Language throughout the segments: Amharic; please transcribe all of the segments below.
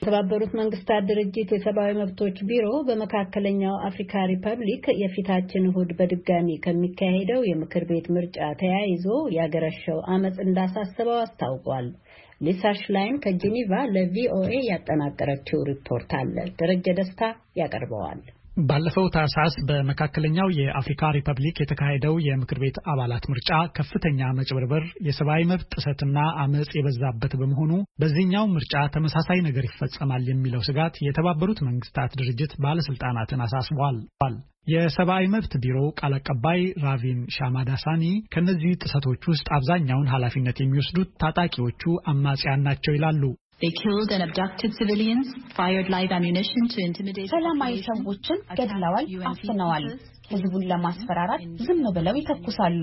የተባበሩት መንግስታት ድርጅት የሰብአዊ መብቶች ቢሮ በመካከለኛው አፍሪካ ሪፐብሊክ የፊታችን እሁድ በድጋሚ ከሚካሄደው የምክር ቤት ምርጫ ተያይዞ ያገረሸው አመፅ እንዳሳሰበው አስታውቋል። ሊሳ ሽላይን ከጄኔቫ ለቪኦኤ ያጠናቀረችው ሪፖርት አለ። ደረጀ ደስታ ያቀርበዋል። ባለፈው ታህሳስ በመካከለኛው የአፍሪካ ሪፐብሊክ የተካሄደው የምክር ቤት አባላት ምርጫ ከፍተኛ መጭበርበር፣ የሰብአዊ መብት ጥሰትና አመፅ የበዛበት በመሆኑ በዚህኛው ምርጫ ተመሳሳይ ነገር ይፈጸማል የሚለው ስጋት የተባበሩት መንግስታት ድርጅት ባለስልጣናትን አሳስቧል። የሰብአዊ መብት ቢሮ ቃል አቀባይ ራቪን ሻማዳሳኒ ከእነዚህ ጥሰቶች ውስጥ አብዛኛውን ኃላፊነት የሚወስዱት ታጣቂዎቹ አማጽያን ናቸው ይላሉ። They killed and abducted civilians, fired live ammunition to intimidate ሰላማዊ ሰዎችን ህዝቡን ለማስፈራራት ዝም ብለው ይተኩሳሉ።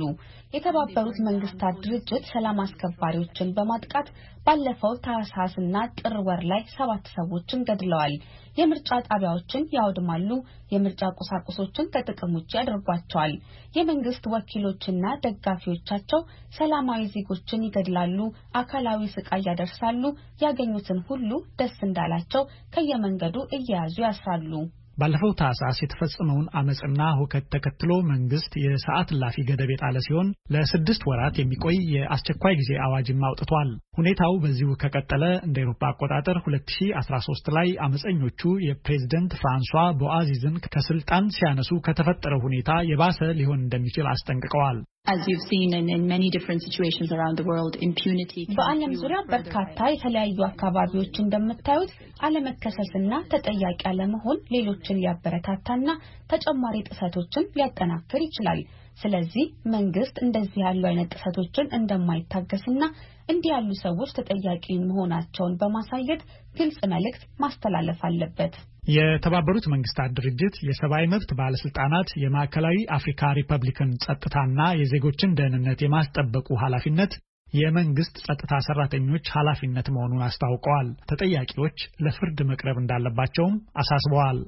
የተባበሩት መንግስታት ድርጅት ሰላም አስከባሪዎችን በማጥቃት ባለፈው ታህሳስና ጥር ወር ላይ ሰባት ሰዎችን ገድለዋል። የምርጫ ጣቢያዎችን ያወድማሉ፣ የምርጫ ቁሳቁሶችን ከጥቅም ውጭ ያደርጓቸዋል። የመንግስት ወኪሎችና ደጋፊዎቻቸው ሰላማዊ ዜጎችን ይገድላሉ፣ አካላዊ ስቃይ ያደርሳሉ፣ ያገኙትን ሁሉ ደስ እንዳላቸው ከየመንገዱ እየያዙ ያስራሉ። ባለፈው ታህሳስ የተፈጸመውን አመፅና ሁከት ተከትሎ መንግስት የሰዓት ላፊ ገደብ የጣለ ሲሆን ለስድስት ወራት የሚቆይ የአስቸኳይ ጊዜ አዋጅም አውጥቷል። ሁኔታው በዚሁ ከቀጠለ እንደ ኤሮፓ አቆጣጠር 2013 ላይ አመፀኞቹ የፕሬዝደንት ፍራንሷ ቦአዚዝን ከስልጣን ሲያነሱ ከተፈጠረው ሁኔታ የባሰ ሊሆን እንደሚችል አስጠንቅቀዋል። as you've seen in, in many different situations around the world, impunity በዓለም ዙሪያ በርካታ የተለያዩ አካባቢዎች እንደምታዩት አለመከሰስና ተጠያቂ አለመሆን ሌሎችን ሊያበረታታና ተጨማሪ ጥሰቶችን ሊያጠናክር ይችላል። ስለዚህ መንግስት እንደዚህ ያሉ አይነት ጥሰቶችን እንደማይታገስና እንዲህ ያሉ ሰዎች ተጠያቂ መሆናቸውን በማሳየት ግልጽ መልእክት ማስተላለፍ አለበት። የተባበሩት መንግስታት ድርጅት የሰብአዊ መብት ባለስልጣናት የማዕከላዊ አፍሪካ ሪፐብሊክን ጸጥታና የዜጎችን ደህንነት የማስጠበቁ ኃላፊነት የመንግስት ጸጥታ ሰራተኞች ኃላፊነት መሆኑን አስታውቀዋል። ተጠያቂዎች ለፍርድ መቅረብ እንዳለባቸውም አሳስበዋል።